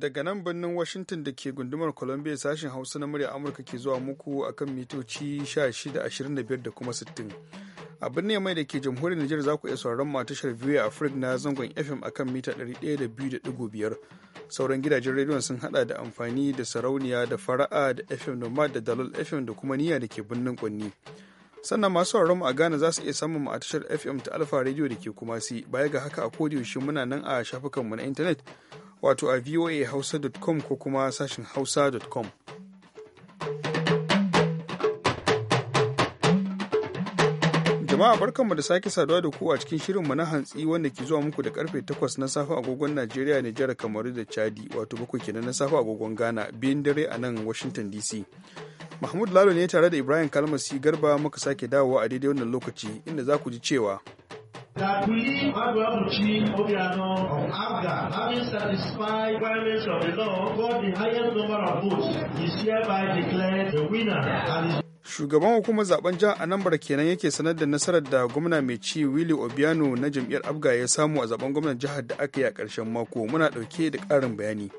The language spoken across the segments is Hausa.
daga nan birnin Washington da ke gundumar Columbia sashen Hausa na murya Amurka ke zuwa muku akan mitoci 1625 da kuma 60. A birnin mai da ke jamhuriyar Nijar za ku iya sauraron ma tashar a Africa na zangon FM akan mita 102.5. Sauran gidajen rediyon sun hada da amfani da sarauniya da fara'a da FM Nomad da Dalol FM da kuma niyya da ke birnin Kwanni. sannan masu sauraron mu a Ghana za su iya samun mu a tashar FM ta Alfa Radio da ke kuma si baya ga haka a yaushe muna nan a shafukan mu na intanet wato a voahausa.com ko kuma sashin hausa.com. Jama'a barkanmu da sake saduwa da ku a cikin shirinmu na hantsi wanda ke zuwa muku da karfe 8 na safe agogon Najeriya, Nijar, Kamaru da Chadi wato bakwai kenan na safe agogon Ghana biyan dare a nan Washington DC. Mahmud Lalo ne tare da Ibrahim Kalmasi Garba muka sake dawowa a daidai wannan lokaci inda za ku ji cewa that we, shugaban hukumar zaben jihar anambra kenan yake sanar da nasarar da gwamna mai ci willy obiano na jam'iyyar abga ya samu a zaben gwamnan jihar da aka yi a karshen mako muna ɗauke da karin bayani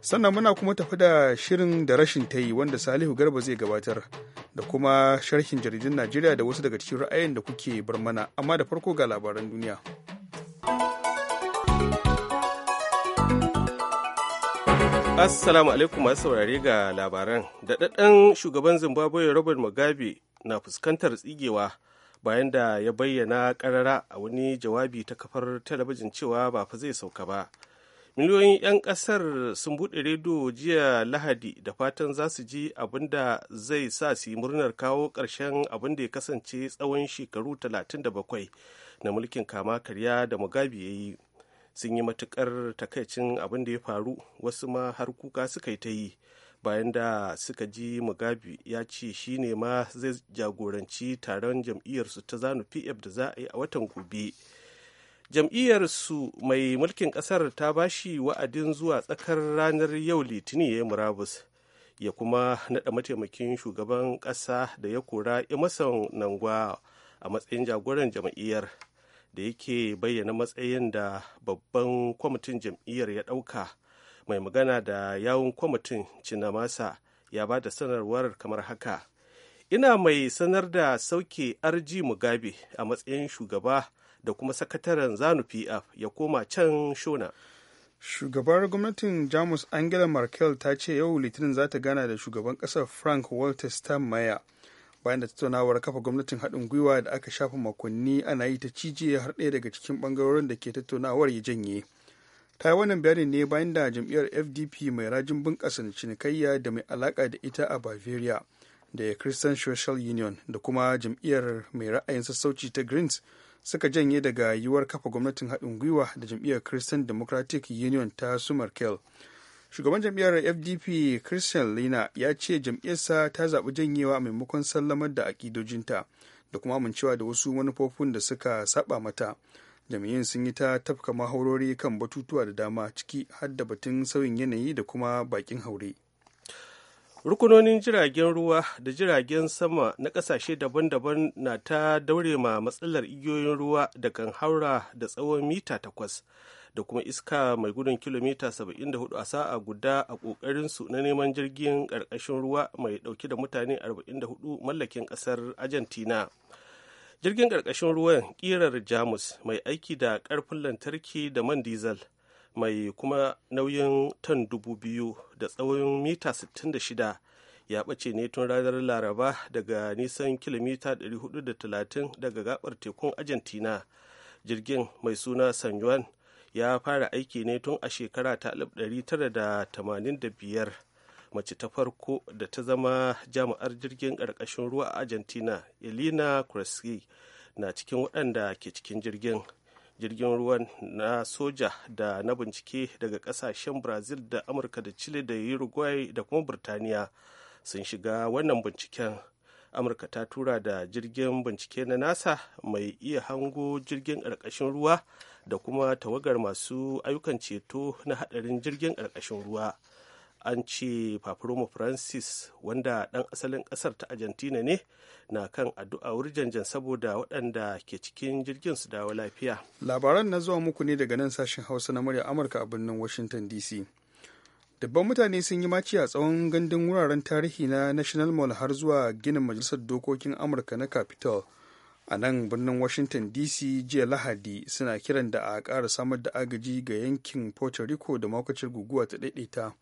sannan muna kuma tafi da shirin da rashin ta yi wanda salihu garba zai gabatar da kuma sharhin jaridun najeriya da wasu daga cikin ra'ayin da kuke bar mana amma da farko ga labaran duniya Assalamu alaikum masu saurare ga labaran. Daɗaɗɗen shugaban Zimbabwe Robert Mugabe na fuskantar tsigewa bayan da ya bayyana ƙarara a wani jawabi ta kafar talabijin cewa ba fa zai sauka ba. Miliyoyin 'yan ƙasar sun buɗe rediyo jiya Lahadi da fatan za su ji abin da zai sa su yi murnar kawo ƙarshen abin da ya kasance tsawon shekaru 37 na mulkin kama karya da Mugabe ya yi. sun yi matukar takaicin abin da ya faru wasu ma har kuka suka yi ta yi bayan da suka ji mugabe ya ce shi ne ma zai jagoranci taron jam'iyyarsu ta zanu pf da za a yi a watan gobe jam'iyyarsu mai mulkin kasar ta ba shi wa'adin zuwa tsakar ranar yau litinin ya yi murabus ya kuma naɗa mataimakin shugaban ƙasa da ya kora imasan nangwa a matsayin jagoran jam'iyyar da yake bayyana matsayin da babban kwamitin jam'iyyar ya ɗauka mai magana da yawun kwamitin cinamasa ya ba da sanarwar kamar haka ina mai sanar da sauke rg mugabe a matsayin shugaba da kuma sakataren zanu pf ya koma can shona shugabar gwamnatin jamus angela merkel ta ce yau litinin za ta gana da shugaban kasar frank walter steinmeier bayan da tattaunawar kafa gwamnatin haɗin gwiwa da aka shafa makonni ana yi ta cije har ɗaya daga cikin ɓangarorin da ke tattaunawar ya janye ta yi wannan bayanin ne bayan da jam'iyyar fdp mai rajin bunƙasa cinikayya da mai alaƙa da ita a bavaria da christian social union da kuma jam'iyyar mai ra'ayin sassauci ta greens suka janye daga yiwuwar kafa gwamnatin haɗin gwiwa da jam'iyyar christian democratic union ta su merkel shugaban jam'iyyar fdp christian lina ya ce jam'iyyarsa ta zaɓi janyewa a maimakon sallamar da aƙidojinta da kuma amincewa da wasu manufofin da suka saba mata jami'in sun yi ta tafka mahaurori kan batutuwa da dama ciki har da batun sauyin yanayi da kuma bakin haure rukunonin jiragen ruwa da jiragen sama na kasashe daban-daban na ta daure ma matsalar igiyoyin ruwa da kan haura da tsawon mita takwas da kuma iska mai gudun kilomita 74 a sa'a guda a kokarin su na neman jirgin karkashin ruwa mai ɗauke da mutane 44 mallakin kasar argentina jirgin karkashin ruwan kirar jamus mai aiki da ƙarfin lantarki da man diesel mai kuma nauyin tan dubu biyu da tsawon mita 66 ya ɓace ne tun ranar laraba daga nisan kilomita 430 daga gabar tekun argentina jirgin mai suna san ya fara aiki ne tun a shekara ta 1985 mace ta farko da ta zama jami'ar jirgin ƙarƙashin ruwa a argentina elena kurski na cikin waɗanda ke cikin jirgin jirgin ruwan na soja da na bincike daga ƙasashen brazil da amurka da chile da uruguay da kuma birtaniya sun shiga wannan binciken amurka ta tura da jirgin bincike na nasa mai iya hango jirgin ƙarƙashin ruwa da kuma tawagar masu ayyukan ceto na hadarin jirgin ƙarƙashin ruwa an ce paparoma francis wanda ɗan asalin ƙasar ta argentina ne na kan addu'a wurjanjan saboda waɗanda ke cikin jirgin su dawo lafiya labaran na zuwa muku ne daga nan sashin hausa na murya amurka a birnin washington dc dabban mutane sun yi maci a tsawon gandun wuraren tarihi na national mall har zuwa ginin majalisar dokokin amurka na capitol a nan birnin washington dc jiya lahadi suna kiran da a kara samar da agaji ga yankin puerto rico da makwacin guguwa ta daidaita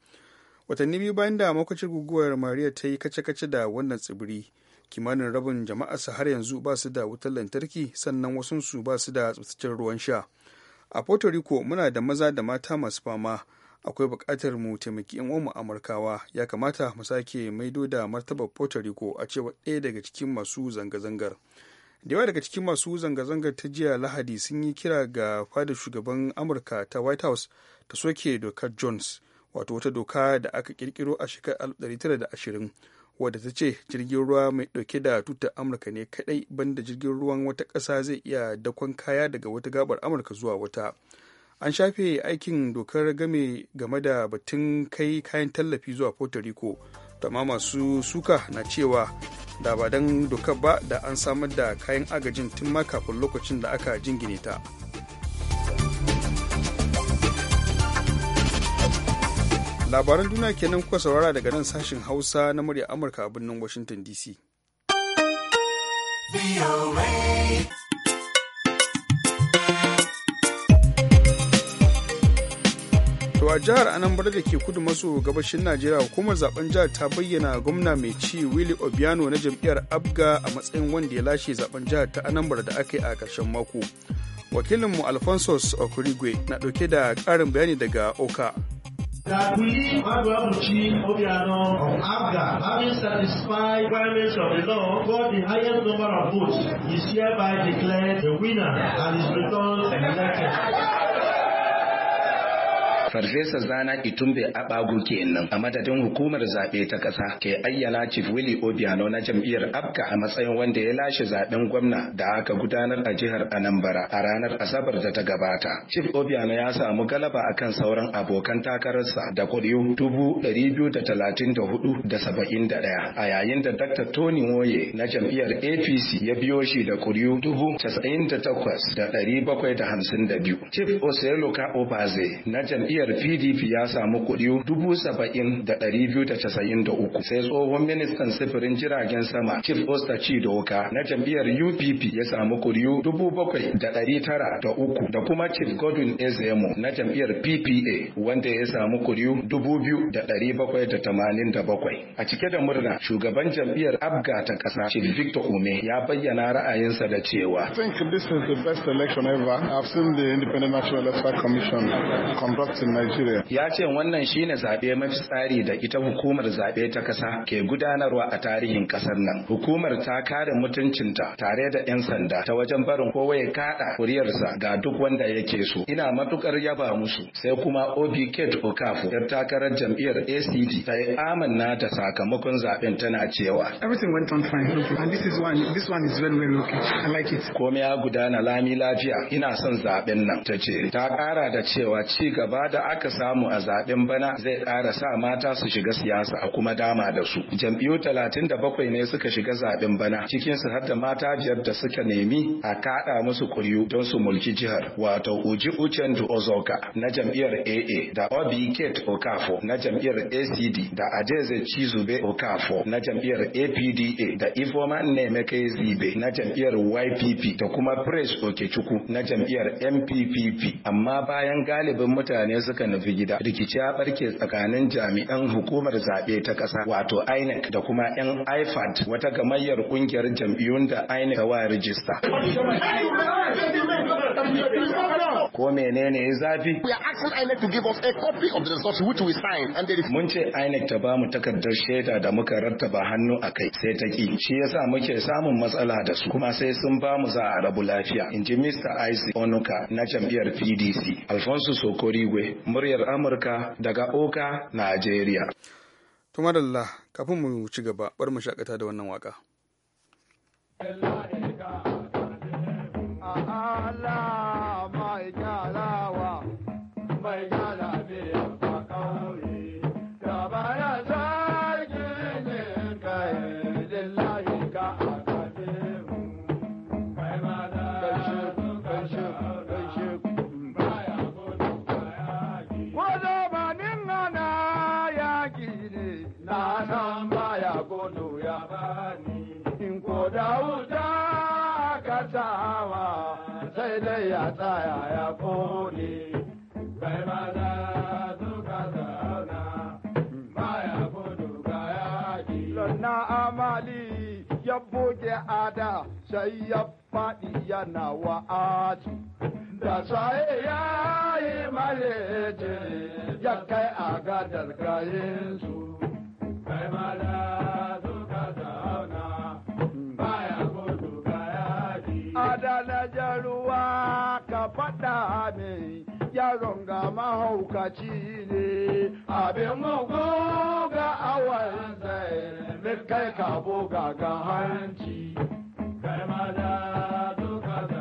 watanni biyu bayan da makwacin guguwar maria ta yi kace-kace da wannan tsibiri kimanin rabin jama'arsa har yanzu ba su da wutar lantarki sannan wasunsu ba su da tsaftacen ruwan sha a puerto rico muna da maza da mata masu fama akwai bukatar mu taimaki yan uwanmu amurkawa ya kamata mu sake maido da martabar puerto rico a cewa ɗaya daga cikin masu zanga-zangar da yawa daga cikin masu zanga-zangar ta jiya lahadi sun yi kira ga fadar shugaban amurka ta white house ta soke dokar jones wato wata doka da aka kirkiro a shekarar 1920 wadda ta ce jirgin ruwa mai dauke da tutar amurka ne kadai banda jirgin ruwan wata kasa zai iya dakon kaya daga wata gabar amurka zuwa wata an shafe aikin dokar game game da batun kai kayan tallafi zuwa puerto rico tama masu suka na cewa da ba don dokar ba da an samar da kayan agajin tun ma kafin lokacin da aka jingine ta labaran duniya kenan kuka saurara daga nan sashen hausa na murya amurka a birnin washington dc To a jihar Anambra da ke kudu maso gabashin Najeriya hukumar zaben jihar ta bayyana gwamna mai ci Willy Obiano na jam'iyyar Abga a matsayin wanda ya lashe zaben jihar ta Anambra da aka yi a ƙarshen mako. Wakilinmu Alphonsus Okurigwe na ɗauke da ƙarin bayani daga Oka. that we, Abamuchi Obiano of Abga, having satisfied requirements of the law, got the highest number of votes, is hereby declared the winner and is returned elected. Farfesa Zana Itumbe Abagu kenan a madadin hukumar zaɓe ta ƙasa ke ayyana Chief Willy Obiano na jam'iyyar Abka a matsayin wanda ya lashe zaɓen gwamna da aka gudanar a jihar Anambara, a ranar Asabar da ta gabata. Chief Obiano ya samu galaba akan sauran abokan takararsa da kuri'u dubu ɗari biyu da talatin da hudu da saba'in da ɗaya a yayin da Dr. Tony Moye na jam'iyyar APC ya biyo shi da kuri'u dubu casa'in da takwas da ɗari bakwai da hamsin da biyu. Chief Obaze na jam'iyyar jam'iyyar pdp ya samu kuɗi dubu saba'in da ɗari biyu da casa'in da uku sai tsohon ministan sifirin jiragen sama chief ostachi doka na jam'iyyar UPP ya samu kuɗi dubu bakwai da ɗari tara da uku da kuma Chief Godwin Ezemo na jam'iyyar PPA wanda ya samu kuɗi dubu biyu da ɗari bakwai da tamanin da bakwai. A cike da murna shugaban jam'iyyar Abga ta ƙasa Chief Victor Ume ya bayyana ra'ayinsa da cewa. I think this is the best election ever. I've seen the Independent National Electoral Commission conducting in Najeriya. Ya ce wannan shine zaɓe mafi tsari da ita hukumar zaɓe ta ƙasa ke gudanarwa a tarihin ƙasar nan. Hukumar ta kare mutuncinta tare da 'yan sanda ta wajen barin kowa ya kaɗa kuriyarsa ga duk wanda yake so. Ina matukar yaba musu. Sai kuma Obi Kate Okafu yar takarar jam'iyyar ACD ta yi amanna da sakamakon zaɓen tana cewa. Everything went on fine. And this is one, this one is very well okay. I like it. Komai ya gudana lami lafiya. Ina son zaɓen nan ta ce. Ta ƙara da cewa ci gaba da da aka samu a zaɓen bana zai ƙara sa mata su shiga siyasa a kuma dama da su jam'iyyu talatin da bakwai ne suka shiga zaɓen bana cikin su har da mata biyar da suka nemi a kaɗa musu kuryu don su mulki jihar wato uji du ozoka na jam'iyyar aa da obi kate okafo na jam'iyyar acd da adeze chizube okafo na jam'iyyar apda da ifoma nemeke zibe na jam'iyyar ypp da kuma praise okechukwu na jam'iyyar MPPP amma bayan galibin mutane suka nufi gida rikici ya barke tsakanin jami'an hukumar zaɓe ta ƙasa wato INEC da kuma 'yan IFAD wata gamayyar ƙungiyar jam'iyyun da INEC ta wa rijista. Ko menene ya zafi? a copy Mun ce INEC ta ba mu takardar shaida da muka rattaba hannu a kai sai ta ki. Shi yasa muke samun matsala da su kuma sai sun bamu za a rabu lafiya. In ji Mr. Isaac Onuka na jam'iyyar PDC. Alfonso Sokorigwe muryar Amurka daga Oka, Najeriya. Tumadalla, kafin mu ci gaba, bar mu shakata da wannan waka. Allah saya amali ya buge ada sai ya faɗi yana waati Da saye ya yi malece ya kai a gadar kayansu kai maza. ya faɗa min yaron ga mahaukaci ne abin mugu ga awon zai kai ka ga hanci kai ma da duka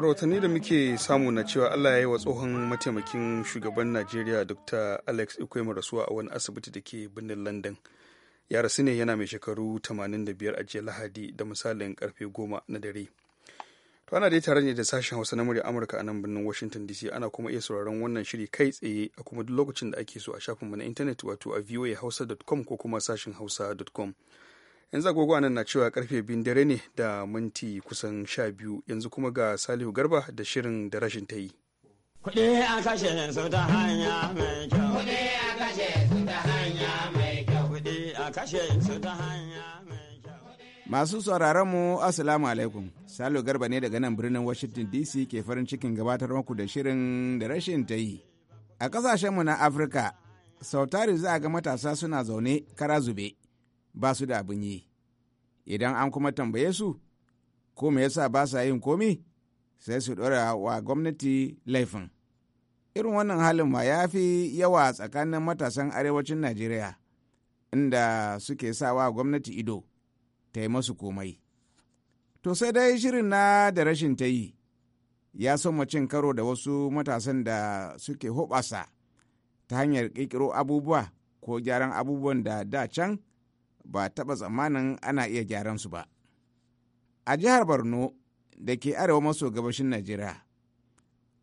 rahotanni da muke samu na cewa allah ya yi wa tsohon mataimakin shugaban najeriya dr alex ikwema rasuwa a wani asibiti da ke birnin london ya rasu ne yana mai shekaru 85 a jiya lahadi da misalin karfe 10 na dare to ana dai tare ne da sashen hausa na murya amurka a nan birnin washington dc ana kuma iya sauraron wannan shiri kai tsaye a kuma duk lokacin da ake so a shafinmu na intanet wato a voahausa.com ko kuma sashen hausa.com yanzu agogo nan na cewa karfe biyun dare ne da minti kusan sha biyu yanzu kuma ga salihu garba da shirin da rashin ta yi kuɗi a kashe su ta hanya mai kyau kuɗi a kashe su ta hanya mai kyau kuɗi a kashe su ta hanya Masu sauraron mu Assalamu alaikum. Salo Garba ne daga nan birnin Washington DC ke farin cikin gabatar muku da shirin da rashin ta yi. A kasashenmu na Afirka, sautari za a ga matasa suna zaune kara zube, ba su da abin yi idan an kuma tambaye su ko me yasa ba sa yin komi sai su ɗora wa gwamnati laifin irin wannan halin ma ya fi yawa tsakanin matasan arewacin najeriya inda suke sawa gwamnati ido ta yi masu komai to sai dai shirin na da rashin ta yi ya soma cin karo da wasu matasan da suke hoɓasa ta hanyar ƙirƙiro abubuwa ko gyaran abubuwan da da can ba taɓa tsammanin ana iya gyaran su ba. A jihar Borno da ke arewa maso gabashin Najeriya,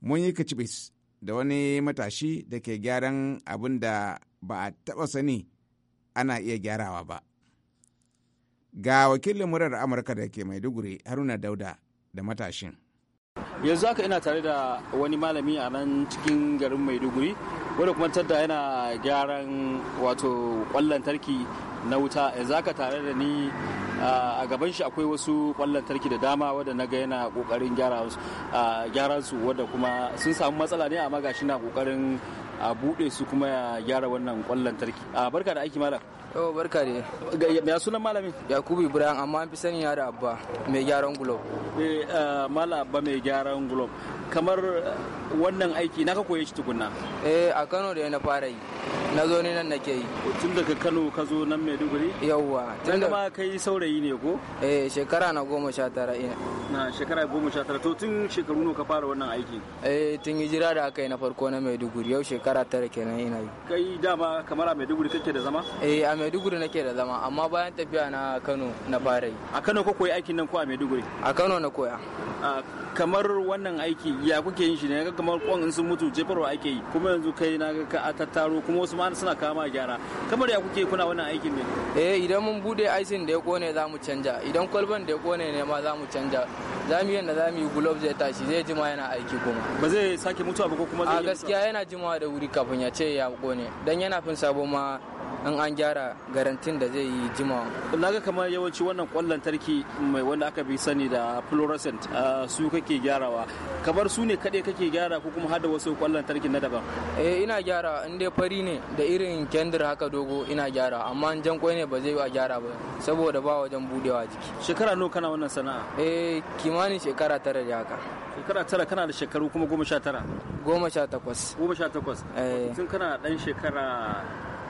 mun yi kacibis da wani matashi da ke gyaran abin da ba a taɓa sani ana iya gyarawa ba. Ga wakilin murar Amurka da ke Maiduguri Haruna Dauda da matashin. yanzu haka ina tare da wani malami a nan cikin garin maiduguri wanda kuma tadda yana gyaran wato kwallon tarki na wuta za ka tare da ni a gaban shi akwai wasu kwallon tarki da dama wadda na ga yana kokarin gyara su wadda kuma sun samu matsala ne amma gashi na kokarin a buɗe su kuma ya gyara wannan kwallon tarki a barka da aiki malam yau barka ne ya sunan malamin yakubu ibrahim amma an fi ya yara abba mai gyaran gulob eh malam abba mai gyaran gulob kamar wannan aiki na ka koye shi tukunna eh a Kano da na fara yi na zo ne nan nake yi tun daga Kano ka zo nan Maiduguri yawwa tun da ma kai saurayi ne ko eh shekara na goma sha tara ina na shekara goma sha tara to tun shekaru nawa ka fara wannan aiki eh tun hijira da aka yi na farko na Maiduguri yau shekara tara kenan ina yi kai dama kamar a Maiduguri kake da zama eh a Maiduguri nake da zama amma bayan tafiya na Kano na fara yi a Kano ko koyi aikin nan ko a Maiduguri a Kano na koya kamar wannan aiki ya kuke yin shi ne kamar kwan in sun mutu jefarwa ake yi kuma yanzu kai na ga ka tattaro kuma wasu ma suna kama gyara kamar ya kuke kuna wannan aikin ne eh idan mun bude aisin da ya kone za mu canja idan kwalban da ya kone ne ma za mu canja za mu yi yadda za mu yi glove zai tashi zai jima yana aiki kuma ba zai sake mutuwa ba ko kuma zai a gaskiya yana jimawa da wuri kafin ya ce ya kone dan yana fin sabo ma in an gyara garantin da zai yi jima laga kamar yawanci wannan kwallon lantarki mai wanda aka fi sani da fluorescent su kake gyarawa kamar su ne kaɗai kake gyara ko kuma hada wasu kwallon lantarki na daban eh ina gyara in dai fari ne da irin kendir haka dogo ina gyara amma jan kwai ne ba zai yi a gyara ba saboda ba wajen budewa jiki shekara nawa kana wannan sana'a eh kimanin shekara tara da haka shekara tara kana da shekaru kuma goma sha tara goma sha takwas goma sha takwas eh. tun kana ɗan shekara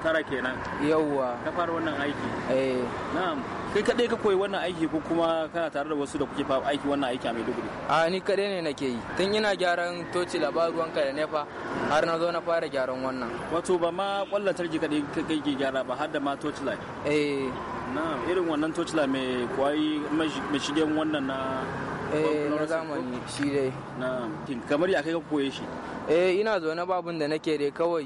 tara kenan yawwa ka fara wannan aiki eh na'am kai kadai ka koyi wannan aiki ko kuma kana tare da wasu da kuke fa aiki wannan aiki a Maiduguri a ni kadai ne nake yi tun ina gyaran toci labaruwan ka da nefa har na zo na fara gyaran wannan wato ba ma kwallon tarki ka kai ke gyara ba har da ma toci la. eh na'am irin wannan toci la mai kwayi mai shigen wannan na eh na zamani shi dai na'am kamar ya kai ka koye shi eh ina zo na babun da nake dai kawai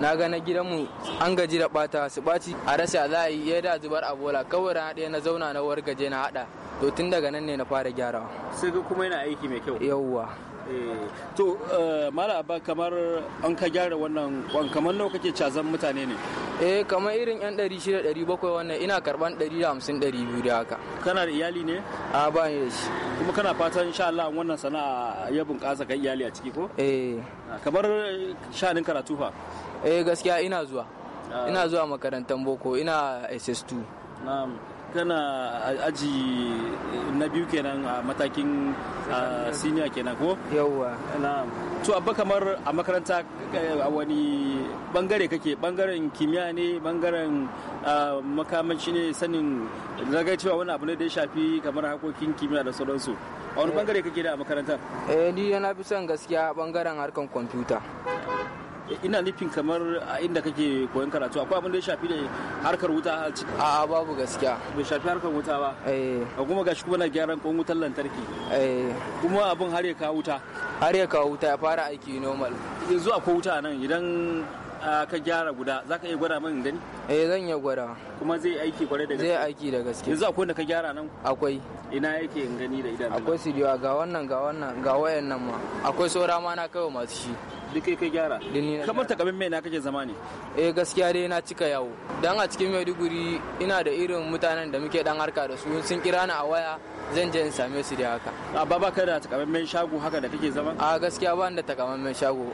na ga na gidanmu an gaji da bata su baci a rasa za a yi ya da zubar a bola kawai rana ɗaya na zauna na wargaje na haɗa to tun daga nan ne na fara gyarawa sai ga kuma yana aiki mai kyau yawwa eh, to eh, mala abba kamar an ka gyara wannan kwan kamar nawa kake cazan mutane ne eh kamar irin yan ɗari bakwai wannan ina ɗari da hamsin ɗari biyu da haka kana da iyali ne a ba ni da shi kuma kana fatan insha Allah wannan sana'a ya bunƙasa kan iyali a ciki ko eh ah, kamar eh, sha'anin karatu fa eh gaskiya ina zuwa ah. ina zuwa makarantar boko ina ss2 na'am kana aji na biyu kenan a matakin ah, senior kenan ko yawwa na'am to abba kamar a makaranta eh, a wani bangare kake bangaren kimiyya ne bangaren ah, makamanci ne sanin zagar cewa wani abu ne da ya shafi kamar harkokin kimiyya da sauransu a wani eh. bangare kake da a makaranta eh ni na fi son gaskiya bangaren harkan kwamfuta ina nufin kamar a inda kake koyon karatu akwai abin da ya shafi ne harkar wuta a ciki a babu gaskiya bai shafi harkar wuta ba eh kuma gashi kuma na gyaran kon wutar lantarki eh kuma abin har ya kawo wuta har ya kawo wuta ya fara aiki normal yanzu akwai wuta nan idan ka gyara guda za ka iya gwada min gani eh zan iya gwada kuma zai aiki kwarai da gaske zai aiki da gaske yanzu akwai da ka gyara nan akwai ina yake in gani da idan akwai siriwa ga wannan ga wannan ga wayan nan ma akwai saura ma na kawo masu shi duk kai ka gyara kamar takabin mai na kake zama ne eh gaskiya dai na cika yawo dan a cikin Maiduguri ina da irin mutanen da muke dan harka da su sun kira ni a waya zan je in same su da haka a ba ba ka da takamaiman shago haka da kake zama a gaskiya ba da takamaiman shago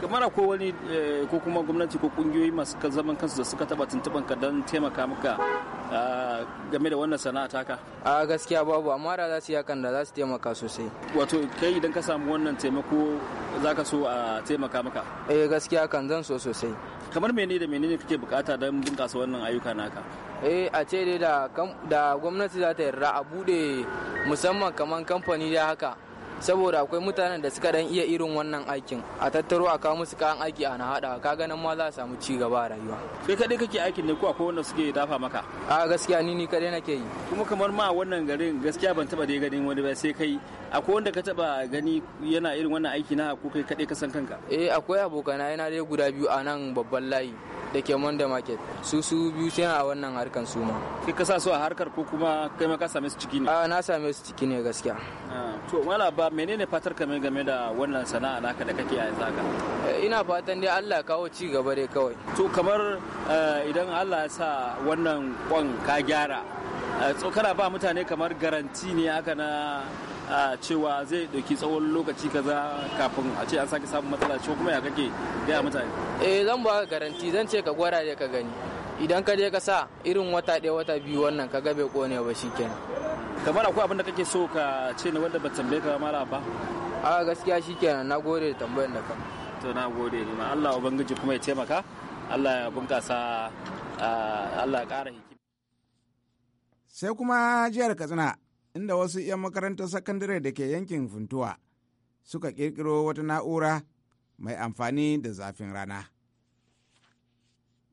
kamar akwai wani eh, ko kuma gwamnati ko kungiyoyi masu zaman kansu da suka taba tuntuban ka don taimaka maka ah, game da wannan sana'a taka a gaskiya babu amma da za su yi da za su taimaka sosai wato kai idan ka samu wannan taimako za ka so a taimaka maka eh gaskiya kan zan so sosai kamar menene da menene kake bukata don bunkasa wannan ayyuka naka eh a ce dai da gwamnati za ta yarda a bude musamman kamar kamfani da haka saboda akwai mutanen da suka dan iya irin wannan aikin a tattaro a kawo musu kayan aiki ana hada ka ganin ma za a samu ci gaba a rayuwa kai kadai kake aikin ne ko akwai wanda suke dafa maka a gaskiya ni ni kadai nake yi kuma kamar ma wannan garin gaskiya ban taba dai ganin wani ba sai kai akwai wanda ka taba gani yana irin wannan aiki na ko kai kadai ka san kanka eh akwai abokana yana dai guda biyu a nan babban layi da ke monday market su su biyu sai a wannan harkan su ma kai ka su a harkar ko kuma kai ma ka same su ciki ne a na same su ciki ne gaskiya to mala ba menene fatar ka game da wannan sana'a naka da kake yanzu haka eh, ina fatan dai Allah kawo ci gaba dai kawai to kamar eh, idan Allah ya sa wannan kwan ka gyara eh, tsokara ba mutane kamar garanti ne haka na cewa zai dauki tsawon lokaci kaza kafin a ce an sake samun matsala ko kuma ya kake gaya mutane eh zan ba garanti zan ce ka gwada da ka gani idan ka je ka sa irin wata ɗaya wata biyu wannan ka ga bai kone ba shikenan kamar akwai abin da kake so ka ce ne wanda ba tambaye ka mara ba a gaskiya shikenan na gode da tambayar da ka to na gode ne ma Allah ubangiji kuma ya taimaka Allah ya bunkasa Allah ya ƙara hikima sai kuma jiyar Katsina inda wasu 'yan makarantar sakandare da ke yankin funtuwa suka ƙirƙiro wata na'ura mai amfani da zafin rana.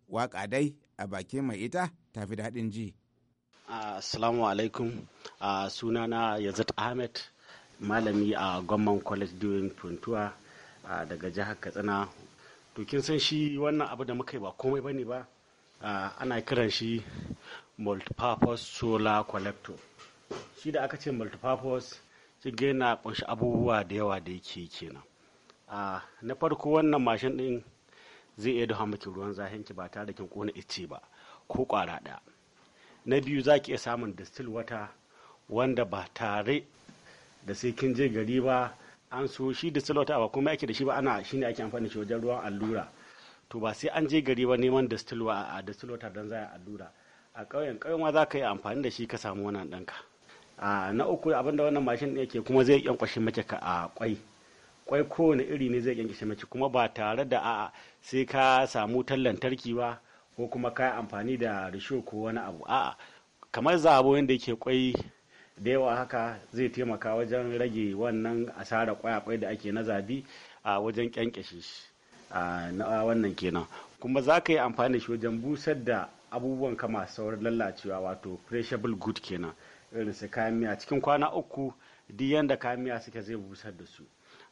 Waƙa dai a bakin mai ita ta fi daɗin ji. Assalamu alaikum, uh, sunana Yazid Ahmed, malami a uh, Gwamman College doing Funtuwa daga jihar Katsina. To kin san shi wannan abu da muka yi ba komai bane ba, ana kiran shi multipurpose solar collector. shi da aka ce multipurpose jirgin yana kunshi abubuwa da yawa da yake kenan a na farko wannan mashin ɗin zai iya duha miki ruwan zahin ki ba tare da kin kona ice ba ko kwara ɗaya na biyu za ki iya samun distill wata wanda ba tare da sai kin je gari ba an so shi distill wata ba kuma yake da shi ba ana shi ne ake amfani shi wajen ruwan allura to ba sai an je gari ba neman distill wata a wata don za a allura a ƙauyen ƙauyen ma za ka yi amfani da shi ka samu wannan ɗanka A na uku abinda wannan mashin ɗin yake kuma zai kyankwashe mace ka a kwai kwai kowane iri ne zai kyankwashe mace kuma ba tare da a sai ka samu wutar lantarki ba ko kuma ka amfani da risho ko wani abu a'a kamar zabo yadda yake kwai da yawa haka zai taimaka wajen rage wannan asara kwayakwai da ake na zabi a wajen kyankyashe shi na wannan kenan kuma za ka yi amfani da shi wajen busar da abubuwan kama saurin lalacewa wato perishable good kenan irin kayan miya cikin kwana uku duk yadda kayan miya suke zai busar da su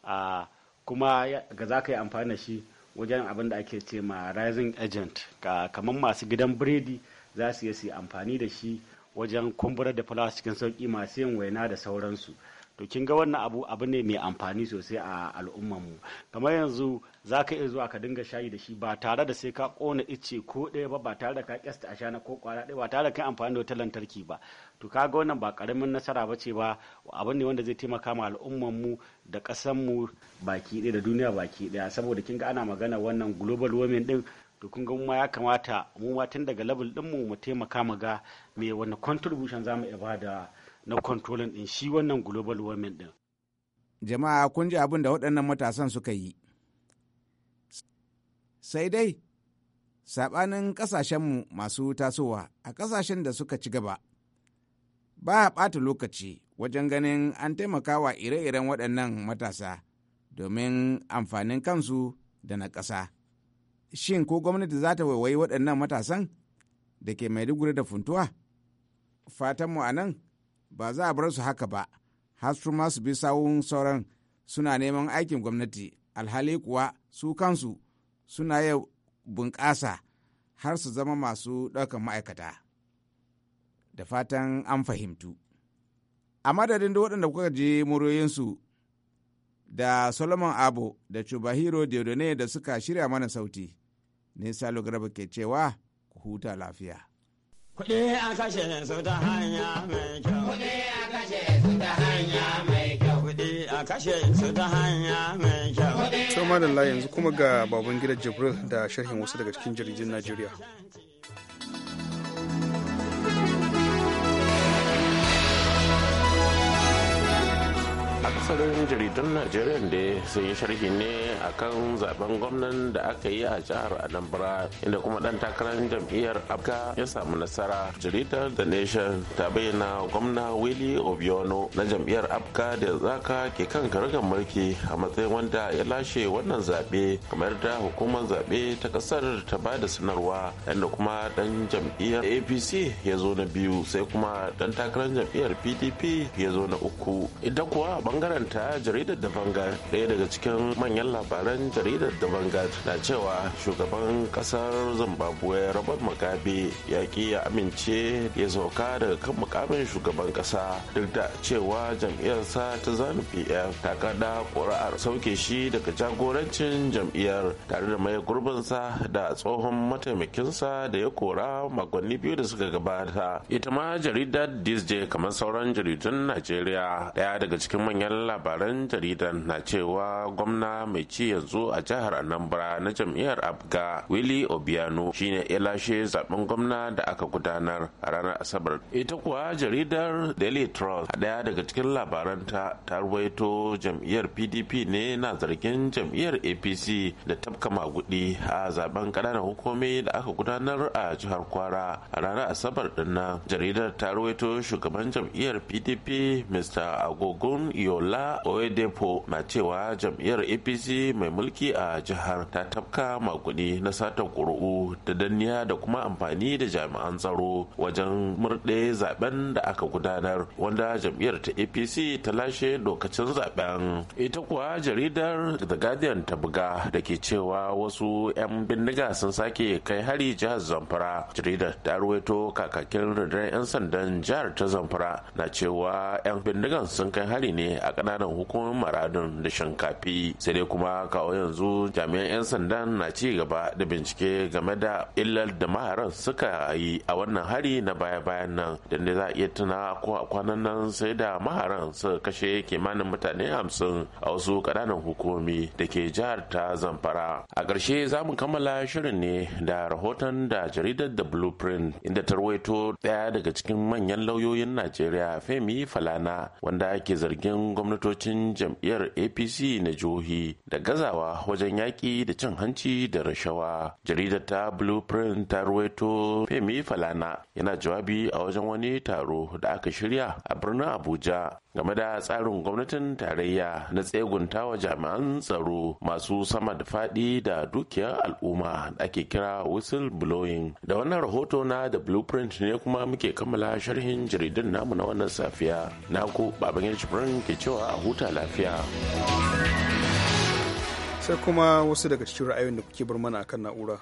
a ah, kuma ga za ka yi amfani da shi wajen abin da ake ce ma rising agent kamar masu gidan biredi za su yi amfani da shi wajen kumbura da fulawa cikin sauki masu yin waina da sauransu to kin ga wannan abu abu ne mai amfani sosai a al'ummarmu kamar yanzu za ka iya zuwa ka dinga shayi da shi ba tare da sai ka kona ice ko ɗaya ba ba tare da ka kyasta a shana ko kwara ɗaya ba tare da kai amfani da wata lantarki ba to ka ga wannan ba karamin nasara ba ce ba abu ne wanda zai taimaka ma al'ummarmu da mu baki ɗaya da duniya baki ɗaya saboda kin ga ana magana wannan global warming din, to kun ga ma ya kamata mu ma tun daga level ɗinmu mu taimaka mu ga me wani contribution za mu iya bada na controlling din shi wannan global warming din jama'a kun ji abin da waɗannan matasan suka yi sai dai saɓanin ƙasashenmu masu tasowa a ƙasashen da suka ci gaba ba a ɓata lokaci wajen ganin an taimaka wa ire-iren waɗannan matasa domin amfanin kansu da na ƙasa shin ko gwamnati za ta waiwayi waɗannan matasan da ke maiduguri da funtuwa fatanmu a nan ba za a bar su haka ba har su ma bi sawun sauran suna neman aikin gwamnati alhali kuwa su kansu suna yi bunƙasa har su zama masu ɗaukan ma'aikata da fatan an fahimtu a madadin da waɗanda kuka je muryoyinsu da solomon abu da chubahiro diodone da suka shirya mana sauti nisa salo ke cewa ku huta lafiya Kuɗi a kashe su ta hanya mai kyau. Kuɗi a kashe su ta hanya mai kyau. Kuɗi a kashe su ta hanya mai kyau. Sau malam yanzu kuma ga baban gidan Jibril da sharhin wasu daga cikin jaridun Najeriya. akasarin jaridun najeriya da sun yi sharhi ne akan zaben gwamnan da aka yi a jihar anambra inda kuma dan takarar jam'iyyar abka ya samu nasara jaridar the nation ta bayyana gwamna willy obiono na jam'iyyar abka da zaka ke kan karagar mulki a matsayin wanda ya lashe wannan zaɓe kamar da hukumar zaɓe ta ƙasar ta ba da sanarwa inda kuma dan jam'iyyar apc ya zo na biyu sai kuma dan takarar jam'iyyar pdp ya zo na uku idan kuwa bangaren karanta jaridar da vanguard ɗaya daga cikin manyan labaran jaridar da vanguard na cewa shugaban kasar zimbabwe robert mugabe ya ki ya amince ya sauka daga kan mukamin shugaban kasa duk da cewa jam'iyyarsa ta zanu pf ta kada ƙuri'ar sauke shi daga jagorancin jam'iyyar tare da mai gurbinsa da tsohon mataimakinsa da ya kora makonni biyu da suka gabata ita ma jaridar disney kamar sauran jaridun najeriya daya daga cikin manyan labaran jaridan na cewa gwamna mai ci yanzu a jihar anambra na jam'iyyar abga willy obiano shine ya lashe zaben gwamna da aka gudanar a ranar asabar ita kuwa jaridar daily trust a daya daga cikin labaran ta ruwaito jam'iyyar pdp ne na zargin jam'iyyar apc da tafka magudi a zaben ƙananan hukumi da aka gudanar a jihar kwara a ranar asabar din jaridar ta ruwaito shugaban jam'iyyar pdp mr agogon yola bala oedepo na cewa jam'iyyar apc mai mulki a jihar ta tafka maguni na satan ƙuri'u da danniya da kuma amfani da jami'an tsaro wajen murɗe zaben da aka gudanar wanda jam'iyyar ta apc ta lashe lokacin zaben ita kuwa jaridar the guardian ta buga da ke cewa wasu 'yan bindiga sun sake kai hari jihar zamfara jaridar ta ruwaito kakakin rundunar 'yan sandan jihar ta zamfara na cewa 'yan bindigan sun kai hari ne a kananan hukumomin maradun da shinkafi sai dai kuma kawo yanzu jami'an 'yan sandan na ci gaba da bincike game da illar da maharan suka yi a wannan hari na baya-bayan nan da za a iya tuna ko a kwanan nan sai da maharan suka kashe kimanin mutane hamsin a wasu kananan hukumomi da ke jihar ta zamfara a ƙarshe za mu kammala shirin ne da rahoton da jaridar da blueprint inda ta rawaito ɗaya daga cikin manyan lauyoyin najeriya femi falana wanda ake zargin gwamnati gwamnatocin jam'iyyar apc na jihohi da gazawa wajen yaƙi da cin hanci da rashawa jaridar ta blueprint ta ruwaito femi falana yana jawabi a wajen wani taro da aka shirya a birnin abuja game da tsarin gwamnatin tarayya na tsegunta wa jami'an tsaro masu sama da faɗi da dukiyar al'umma da ake kira whistle blowing da wannan rahoto na da blueprint ne kuma muke kammala sharhin jaridun namu na wannan safiya na ku baban yarjibirin ke cewa a huta lafiya sai kuma wasu daga cikin ra'ayoyin da kuke bar mana akan na'ura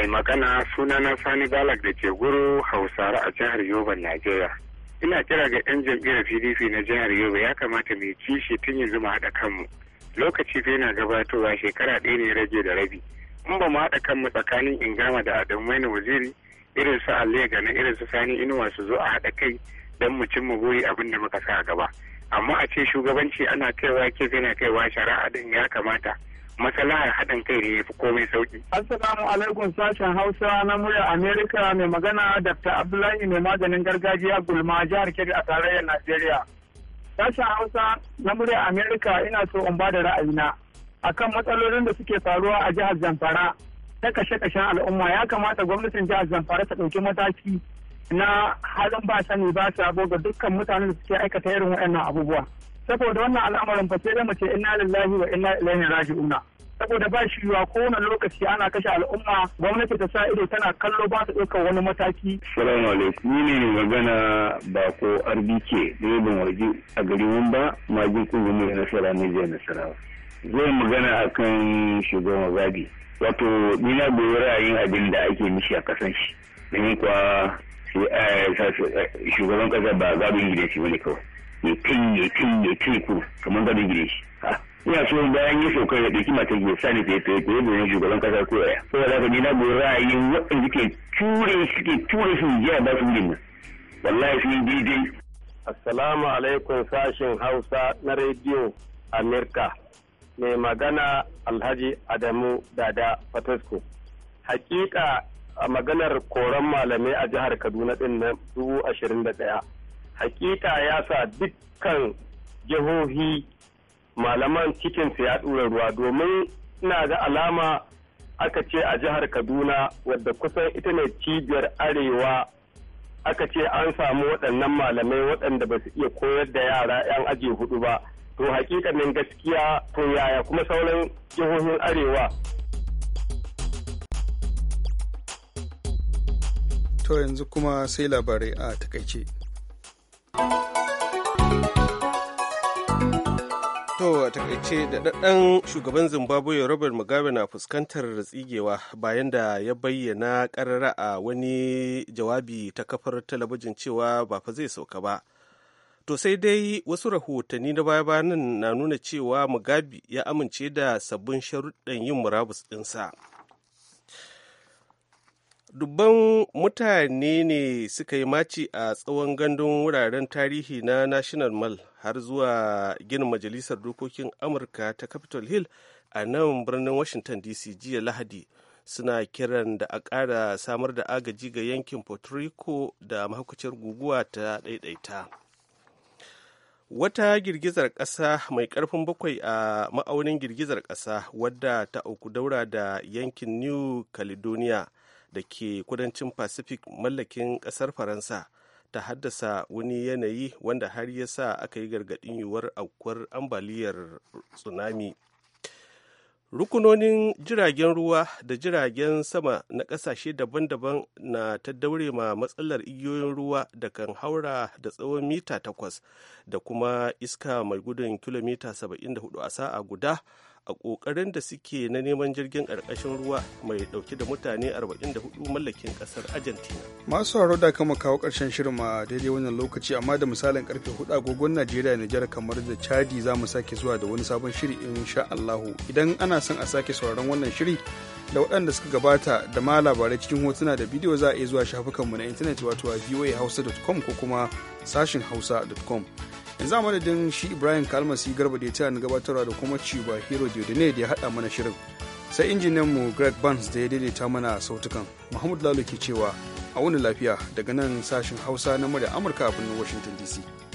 Mai magana sunana Sani Balak da ke guru Hausare a jihar yoba Najeriya. Ina kira ga 'yan jam'iyyar PDP na jihar yoba ya kamata mai kishi tun yanzu mu haɗa kanmu. Lokaci fa yana gabatowa shekara ɗaya ne rage da rabi. In ba mu haɗa kanmu tsakanin Ingama da Adamu na Waziri irin su Allega na irin su Sani Inuwa su zo a haɗa kai don mu cimma buri abin da muka sa a gaba. Amma a ce shugabanci ana kaiwa ke yana kaiwa shari'a din ya kamata. matsalar haɗin kai ne fi komai sauki. Assalamu alaikum sashen Hausa na murya Amerika mai magana Dr. Abdullahi mai maganin gargajiya Gulma jihar Kebbi a tarayyar Najeriya. Sashen Hausa na murya Amerika ina so in ba da ra'ayina akan matsalolin da suke faruwa a jihar Zamfara ta kashe-kashen al'umma ya kamata gwamnatin jihar Zamfara ta ɗauki mataki na halin ba sani ba sabo ga dukkan mutanen da suke aikata irin waɗannan abubuwa. saboda wannan al'amarin ba sai mu ce inna lillahi wa inna ilaihi raji'una saboda ba shi yiwa kowane lokaci ana kashe al'umma gwamnati ta sa ido tana kallo ba ta ɗaukar wani mataki. Salamu alaikum ni ne magana ba ko RBK ne ban waje a garin ba magin kungiyar mai nasara ne jiya nasarawa. Zai magana akan shugaban Zabi. Wato ni na goyi ra'ayin abin da ake mishi a kasan shi. Domin kuwa eh, shugaban kasa ba zabin gidan shi wani kawai. ya kai ya kai ya kai ko kamar gadon gidan shi ina so bayan ya sauka ya ɗauki mata ya sa ni ta ta ta yi shugaban kasa ko ya saboda ka ni na goyi yi waɗanda suke ture suke ture su jiya ba su gina wallahi sun daidai assalamu alaikum sashin hausa na rediyo amerika mai magana alhaji adamu dada fatasko hakika a maganar koran malamai a jihar kaduna din na dubu ashirin da ɗaya hakika ya sa dukkan jihohi malaman cikinsu ya ɗura ruwa domin ina ga alama aka ce a jihar kaduna wadda kusan ita ne cibiyar arewa aka ce an samu waɗannan malamai waɗanda ba su iya koyar da yara 'yan aji hudu ba to hakikanin gaskiya to yaya kuma sauran jihohin arewa to yanzu kuma sai labarai a takaice. To a takaice da shugaban Zimbabwe Robert Mugabe na fuskantar tsigewa bayan da ya bayyana ƙarara a wani jawabi ta kafar talabijin cewa ba fa zai sauka ba. To sai dai wasu rahotanni na baya bayanan na nuna cewa Mugabe ya amince da sabbin sharuɗan yin murabus ɗinsa. dubban mutane ne suka yi maci a tsawon gandun wuraren tarihi na national mall har zuwa ginin majalisar dokokin amurka ta capitol hill a nan birnin washington dc jiya lahadi suna kiran da a ƙara samar da agaji ga yankin puerto rico da mahaukaciyar guguwa ta ɗaiɗaita wata girgizar ƙasa mai ƙarfin bakwai a ma'aunin girgizar ƙasa wadda ta auku daura da yankin new caledonia da ke kudancin pacific mallakin kasar faransa ta haddasa wani yanayi wanda har ya sa aka yi gargaɗin yiwuwar aukuwar ambaliyar tsunami rukunonin jiragen ruwa da jiragen sama na ƙasashe daban-daban na ta daure ma matsalar igiyoyin ruwa da kan haura da tsawon mita 8 da kuma iska mai gudun kilomita 74 a sa'a guda a ƙoƙarin da suke na neman jirgin ƙarƙashin ruwa mai ɗauke da mutane 44 mallakin ƙasar argentina masu haro da kama kawo ƙarshen shirin ma daidai wannan lokaci amma da misalin karfe 4 agogon najeriya nijar kamar da chadi za mu sake zuwa da wani sabon shiri insha allahu idan ana son a sake sauraron wannan shiri da waɗanda suka gabata da ma labarai cikin hotuna da bidiyo za a iya zuwa shafukanmu na intanet wato a voahausa.com ko kuma sashin hausa.com yanzu a madadin shi ibrahim kalmasi garba da ya na gabatarwa da kuma ciba hero diodone da ya haɗa mana shirin sai injiniyan mu greg barnes da ya daidaita mana sautukan muhammadu lalo ke cewa a wani lafiya daga nan sashen hausa na murya amurka a birnin washington dc